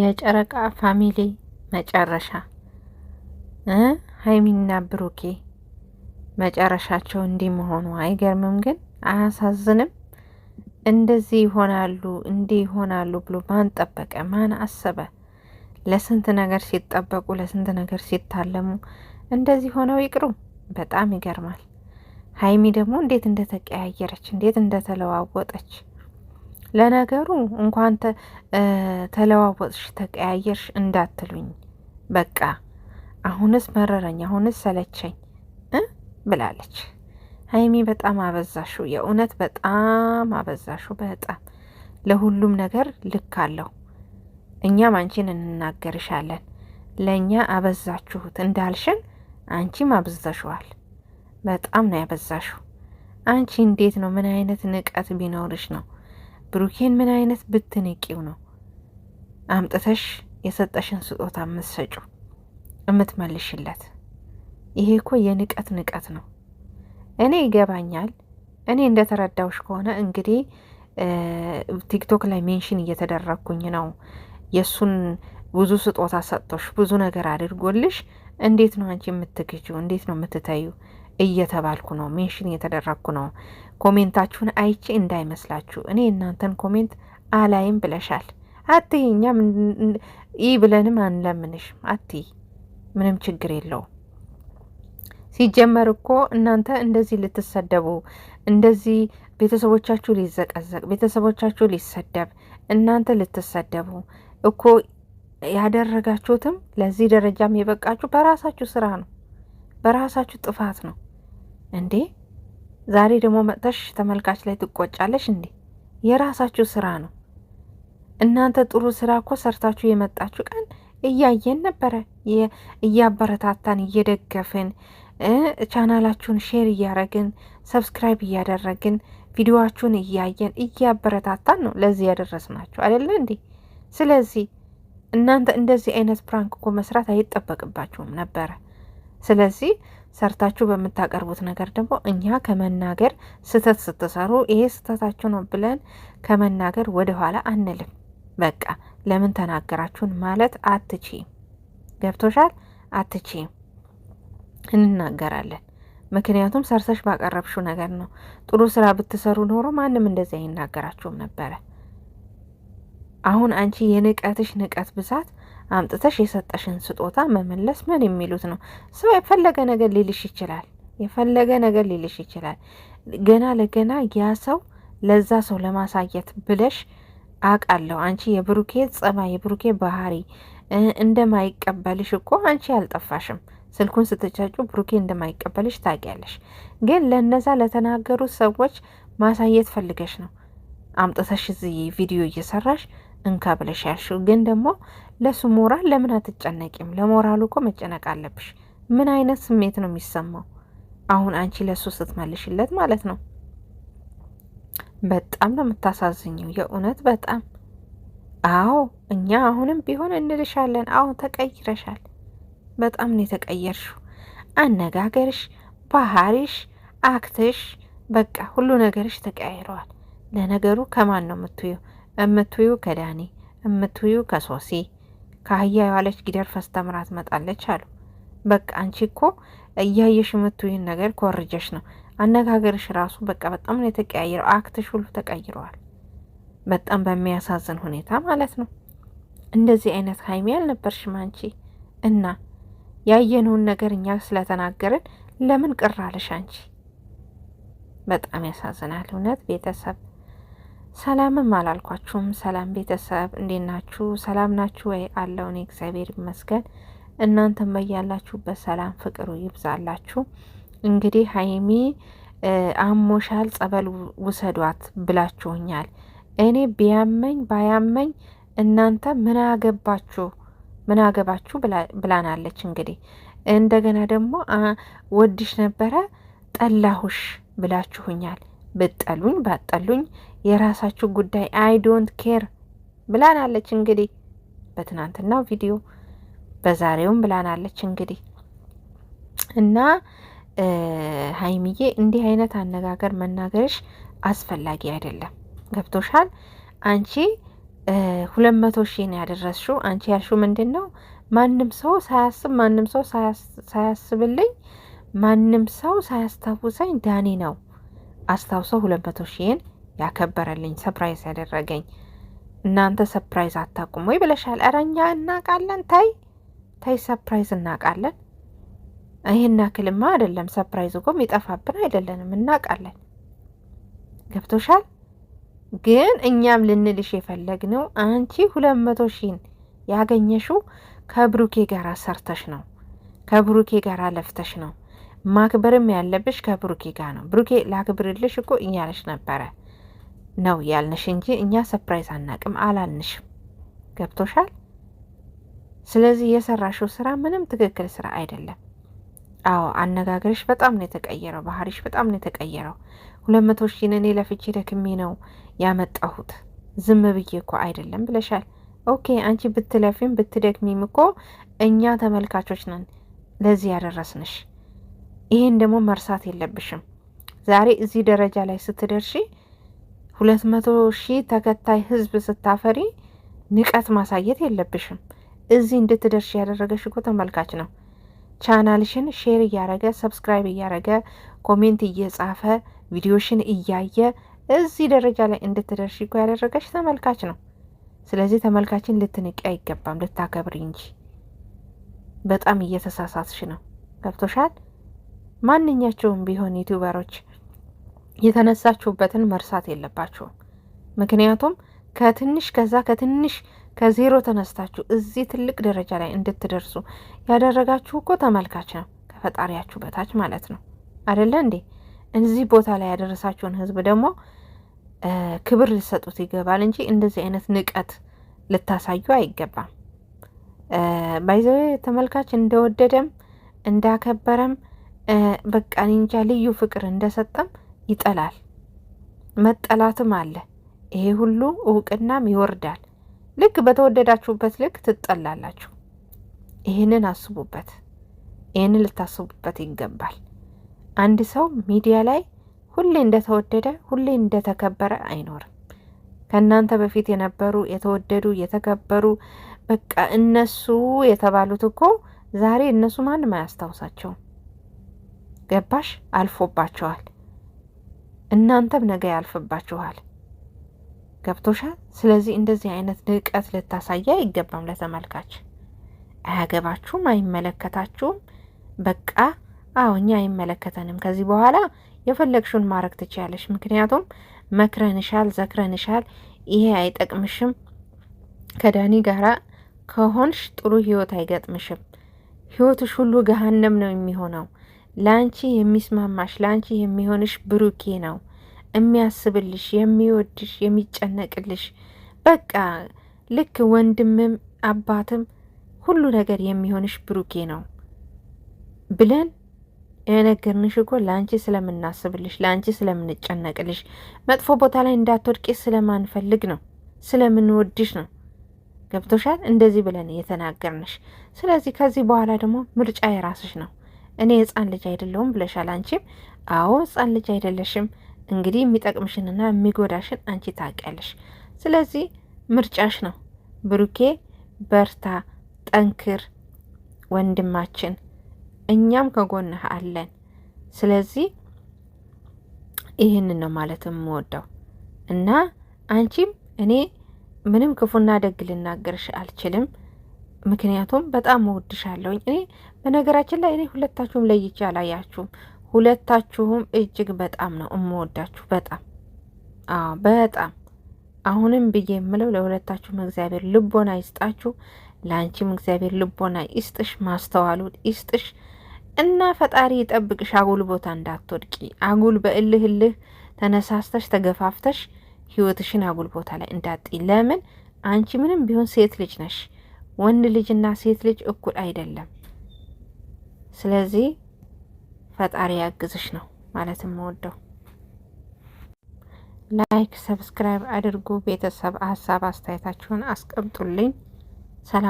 የጨረቃ ፋሚሊ መጨረሻ ሀይሚና ብሩኬ መጨረሻቸው እንዲህ መሆኑ አይገርምም? ግን አያሳዝንም? እንደዚህ ይሆናሉ እንዲህ ይሆናሉ ብሎ ማን ጠበቀ? ማን አሰበ? ለስንት ነገር ሲጠበቁ፣ ለስንት ነገር ሲታለሙ እንደዚህ ሆነው ይቅሩ። በጣም ይገርማል። ሀይሚ ደግሞ እንዴት እንደተቀያየረች፣ እንዴት እንደተለዋወጠች ለነገሩ እንኳን ተለዋወጥሽ ተቀያየርሽ እንዳትሉኝ። በቃ አሁንስ መረረኝ፣ አሁንስ ሰለቸኝ ብላለች ሀይሚ። በጣም አበዛሹ፣ የእውነት በጣም አበዛሹ። በጣም ለሁሉም ነገር ልክ አለው። እኛም አንቺን እንናገርሻለን። ለእኛ አበዛችሁት እንዳልሽን አንቺም አብዝተሽዋል። በጣም ነው ያበዛሹ። አንቺ እንዴት ነው? ምን አይነት ንቀት ቢኖርሽ ነው ብሩኬን ምን አይነት ብትንቂው ነው አምጥተሽ የሰጠሽን ስጦታ ምሰጩ እምትመልሽለት ይሄ እኮ የንቀት ንቀት ነው። እኔ ይገባኛል። እኔ እንደተረዳውሽ ከሆነ እንግዲህ ቲክቶክ ላይ ሜንሽን እየተደረግኩኝ ነው የእሱን ብዙ ስጦታ ሰጥቶሽ ብዙ ነገር አድርጎልሽ እንዴት ነው አንቺ የምትግጁ? እንዴት ነው የምትተዩ? እየተባልኩ ነው፣ ሜንሽን እየተደረግኩ ነው። ኮሜንታችሁን አይቼ እንዳይመስላችሁ እኔ እናንተን ኮሜንት አላይም ብለሻል። አትይ እኛም ይህ ብለንም አንለምንሽም። አትይ ምንም ችግር የለው። ሲጀመር እኮ እናንተ እንደዚህ ልትሰደቡ እንደዚህ ቤተሰቦቻችሁ ሊዘቀዘቅ ቤተሰቦቻችሁ ሊሰደብ እናንተ ልትሰደቡ እኮ ያደረጋችሁትም ለዚህ ደረጃም የበቃችሁ በራሳችሁ ስራ ነው፣ በራሳችሁ ጥፋት ነው። እንዴ ዛሬ ደግሞ መጥተሽ ተመልካች ላይ ትቆጫለሽ እንዴ? የራሳችሁ ስራ ነው። እናንተ ጥሩ ስራ እኮ ሰርታችሁ የመጣችሁ ቀን እያየን ነበረ፣ እያበረታታን እየደገፍን፣ ቻናላችሁን ሼር እያረግን፣ ሰብስክራይብ እያደረግን፣ ቪዲዮችሁን እያየን እያበረታታን ነው ለዚህ ያደረስናችሁ አይደለ እንዴ? ስለዚህ እናንተ እንደዚህ አይነት ፕራንክ እኮ መስራት አይጠበቅባችሁም ነበረ። ስለዚህ ሰርታችሁ በምታቀርቡት ነገር ደግሞ እኛ ከመናገር ስህተት ስትሰሩ ይሄ ስህተታችሁ ነው ብለን ከመናገር ወደኋላ አንልም። በቃ ለምን ተናገራችሁን ማለት አትችም። ገብቶሻል? አትችም። እንናገራለን። ምክንያቱም ሰርተሽ ባቀረብሽው ነገር ነው። ጥሩ ስራ ብትሰሩ ኖሮ ማንም እንደዚያ አይናገራችሁም ነበረ። አሁን አንቺ የንቀትሽ ንቀት ብዛት አምጥተሽ የሰጠሽን ስጦታ መመለስ ምን የሚሉት ነው? ሰው የፈለገ ነገር ሊልሽ ይችላል። የፈለገ ነገር ሊልሽ ይችላል። ገና ለገና ያ ሰው ለዛ ሰው ለማሳየት ብለሽ አውቃለሁ። አንቺ የብሩኬ ጸባይ፣ የብሩኬ ባህሪ እንደማይቀበልሽ እኮ አንቺ አልጠፋሽም። ስልኩን ስትጫጩ ብሩኬ እንደማይቀበልሽ ታውቂያለሽ። ግን ለነዛ ለተናገሩት ሰዎች ማሳየት ፈልገሽ ነው አምጥተሽ እዚህ ቪዲዮ እየሰራሽ እንካ ብለሽ ያልሽው ግን ደግሞ ለሱ ሞራል ለምን አትጨነቂም? ለሞራሉ እኮ መጨነቅ አለብሽ። ምን አይነት ስሜት ነው የሚሰማው? አሁን አንቺ ለሱ ስትመልሽለት ማለት ነው። በጣም ነው የምታሳዝኘው፣ የእውነት በጣም አዎ። እኛ አሁንም ቢሆን እንልሻለን፣ አዎ ተቀይረሻል። በጣም ነው የተቀየርሽው። አነጋገርሽ፣ ባህሪሽ፣ አክትሽ፣ በቃ ሁሉ ነገርሽ ተቀያይረዋል። ለነገሩ ከማን ነው የምትየው? እምትዩ ከዳኒ እምትዩ ከሶሲ ከአህያ የዋለች ጊደር ፈስተ ምራት መጣለች አሉ። በቃ አንቺ እኮ እያየሽ የምትዩን ነገር ኮርጀሽ ነው። አነጋገርሽ ራሱ በቃ በጣም ነው የተቀያየረው። አክትሽ ሁሉ ተቀይረዋል። በጣም በሚያሳዝን ሁኔታ ማለት ነው። እንደዚህ አይነት ሀይሚ አልነበርሽም አንቺ እና ያየነውን ነገር እኛ ስለተናገርን ለምን ቅር አለሽ አንቺ? በጣም ያሳዝናል እውነት ቤተሰብ ሰላምም አላልኳችሁም። ሰላም ቤተሰብ እንዴት ናችሁ? ሰላም ናችሁ ወይ? አለው እኔ እግዚአብሔር ይመስገን። እናንተም በያላችሁበት ሰላም ፍቅሩ ይብዛላችሁ። እንግዲህ ሀይሚ አሞሻል ጸበል ውሰዷት ብላችሁኛል። እኔ ቢያመኝ ባያመኝ እናንተ ምን አገባችሁ ምን አገባችሁ ብላናለች። እንግዲህ እንደገና ደግሞ ወድሽ ነበረ ጠላሁሽ ብላችሁኛል። ብጠሉኝ ባጠሉኝ የራሳችሁ ጉዳይ አይ ዶንት ኬር ብላናለች። እንግዲህ በትናንትናው ቪዲዮ በዛሬውም ብላናለች። እንግዲህ እና ሀይሚዬ እንዲህ አይነት አነጋገር መናገርሽ አስፈላጊ አይደለም። ገብቶሻል። አንቺ ሁለት መቶ ሺህ ነው ያደረስሽው። አንቺ ያልሽው ምንድን ነው? ማንም ሰው ሳያስብ ማንም ሰው ሳያስብልኝ ማንም ሰው ሳያስታውሰኝ ዳኒ ነው አስታውሰው ሁለት መቶ ሺህን ያከበረልኝ ሰፕራይዝ ያደረገኝ። እናንተ ሰፕራይዝ አታውቁም ወይ ብለሻል። ኧረ እኛ እናውቃለን። ታይ ታይ፣ ሰፕራይዝ እናውቃለን። ይህን ክልማ አይደለም። ሰፕራይዝ እኮ የሚጠፋብን አይደለንም፣ እናውቃለን። ገብቶሻል። ግን እኛም ልንልሽ የፈለግነው አንቺ ሁለት መቶ ሺን ያገኘሽው ከብሩኬ ጋር ሰርተሽ ነው፣ ከብሩኬ ጋር ለፍተሽ ነው። ማክበርም ያለብሽ ከብሩኬ ጋር ነው። ብሩኬ ላክብርልሽ እኮ እያለሽ ነበረ ነው ያልንሽ እንጂ እኛ ሰፕራይዝ አናቅም አላልንሽም። ገብቶሻል? ስለዚህ የሰራሽው ስራ ምንም ትክክል ስራ አይደለም። አዎ አነጋገርሽ በጣም ነው የተቀየረው፣ ባህሪሽ በጣም ነው የተቀየረው። ሁለት መቶ ሺን እኔ ለፍቼ ደክሜ ነው ያመጣሁት ዝም ብዬ እኮ አይደለም ብለሻል። ኦኬ አንቺ ብትለፊም ብትደክሚም እኮ እኛ ተመልካቾች ነን ለዚህ ያደረስንሽ። ይሄን ደግሞ መርሳት የለብሽም። ዛሬ እዚህ ደረጃ ላይ ስትደርሺ ሁለት መቶ ሺህ ተከታይ ህዝብ ስታፈሪ ንቀት ማሳየት የለብሽም። እዚህ እንድትደርሽ ያደረገሽ እኮ ተመልካች ነው። ቻናልሽን ሼር እያረገ ሰብስክራይብ እያረገ ኮሜንት እየጻፈ ቪዲዮሽን እያየ እዚህ ደረጃ ላይ እንድትደርሽ እኮ ያደረገሽ ተመልካች ነው። ስለዚህ ተመልካችን ልትንቅ አይገባም፣ ልታከብሪ እንጂ። በጣም እየተሳሳትሽ ነው። ገብቶሻል? ማንኛቸውም ቢሆን ዩቱበሮች የተነሳችሁበትን መርሳት የለባችሁም። ምክንያቱም ከትንሽ ከዛ ከትንሽ ከዜሮ ተነስታችሁ እዚህ ትልቅ ደረጃ ላይ እንድትደርሱ ያደረጋችሁ እኮ ተመልካች ነው፣ ከፈጣሪያችሁ በታች ማለት ነው አደለ እንዴ? እዚህ ቦታ ላይ ያደረሳችሁን ህዝብ ደግሞ ክብር ልሰጡት ይገባል እንጂ እንደዚህ አይነት ንቀት ልታሳዩ አይገባም። ባይዘው ተመልካች እንደወደደም እንዳከበረም በቃ እኔ እንጃ ልዩ ፍቅር እንደሰጠም ይጠላል፣ መጠላትም አለ። ይሄ ሁሉ እውቅናም ይወርዳል። ልክ በተወደዳችሁበት ልክ ትጠላላችሁ። ይህንን አስቡበት፣ ይህንን ልታስቡበት ይገባል። አንድ ሰው ሚዲያ ላይ ሁሌ እንደተወደደ ሁሌ እንደተከበረ አይኖርም። ከእናንተ በፊት የነበሩ የተወደዱ የተከበሩ በቃ እነሱ የተባሉት እኮ ዛሬ እነሱ ማንም አያስታውሳቸውም። ገባሽ? አልፎባቸዋል። እናንተም ነገ ያልፍባችኋል። ገብቶሻል። ስለዚህ እንደዚህ አይነት ንቀት ልታሳየ አይገባም ለተመልካች። አያገባችሁም፣ አይመለከታችሁም። በቃ አዎ፣ እኛ አይመለከተንም። ከዚህ በኋላ የፈለግሽውን ማድረግ ትችያለሽ። ምክንያቱም መክረንሻል፣ ዘክረንሻል። ይሄ አይጠቅምሽም። ከዳኒ ጋራ ከሆንሽ ጥሩ ህይወት አይገጥምሽም። ህይወትሽ ሁሉ ገሃንም ነው የሚሆነው። ለአንቺ የሚስማማሽ ለአንቺ የሚሆንሽ ብሩኬ ነው የሚያስብልሽ፣ የሚወድሽ፣ የሚጨነቅልሽ በቃ ልክ ወንድምም አባትም ሁሉ ነገር የሚሆንሽ ብሩኬ ነው ብለን የነገርንሽ እኮ ለአንቺ ስለምናስብልሽ ለአንቺ ስለምንጨነቅልሽ መጥፎ ቦታ ላይ እንዳትወድቂ ስለማንፈልግ ነው፣ ስለምንወድሽ ነው። ገብቶሻል? እንደዚህ ብለን የተናገርንሽ። ስለዚህ ከዚህ በኋላ ደግሞ ምርጫ የራስሽ ነው። እኔ ህፃን ልጅ አይደለሁም ብለሻል። አንቺም አዎ ህፃን ልጅ አይደለሽም። እንግዲህ የሚጠቅምሽንና የሚጎዳሽን አንቺ ታውቂያለሽ። ስለዚህ ምርጫሽ ነው። ብሩኬ በርታ፣ ጠንክር ወንድማችን፣ እኛም ከጎንህ አለን። ስለዚህ ይህንን ነው ማለት የምወደው እና አንቺም እኔ ምንም ክፉና ደግ ልናገርሽ አልችልም። ምክንያቱም በጣም እወድሻለሁኝ እኔ በነገራችን ላይ እኔ ሁለታችሁም ለይቼ አላያችሁም። ሁለታችሁም እጅግ በጣም ነው እምወዳችሁ። በጣም በጣም አሁንም ብዬ የምለው ለሁለታችሁም እግዚአብሔር ልቦና ይስጣችሁ። ለአንቺም እግዚአብሔር ልቦና ይስጥሽ፣ ማስተዋሉ ይስጥሽ እና ፈጣሪ ይጠብቅሽ። አጉል ቦታ እንዳትወድቂ፣ አጉል በእልህ እልህ ተነሳስተሽ ተገፋፍተሽ ህይወትሽን አጉል ቦታ ላይ እንዳጢ። ለምን አንቺ ምንም ቢሆን ሴት ልጅ ነሽ። ወንድ ልጅና ሴት ልጅ እኩል አይደለም። ስለዚህ ፈጣሪ ያግዝሽ ነው ማለት ወደው ላይክ ሰብስክራይብ አድርጉ። ቤተሰብ ሀሳብ አስተያየታችሁን አስቀምጡልኝ። ሰላም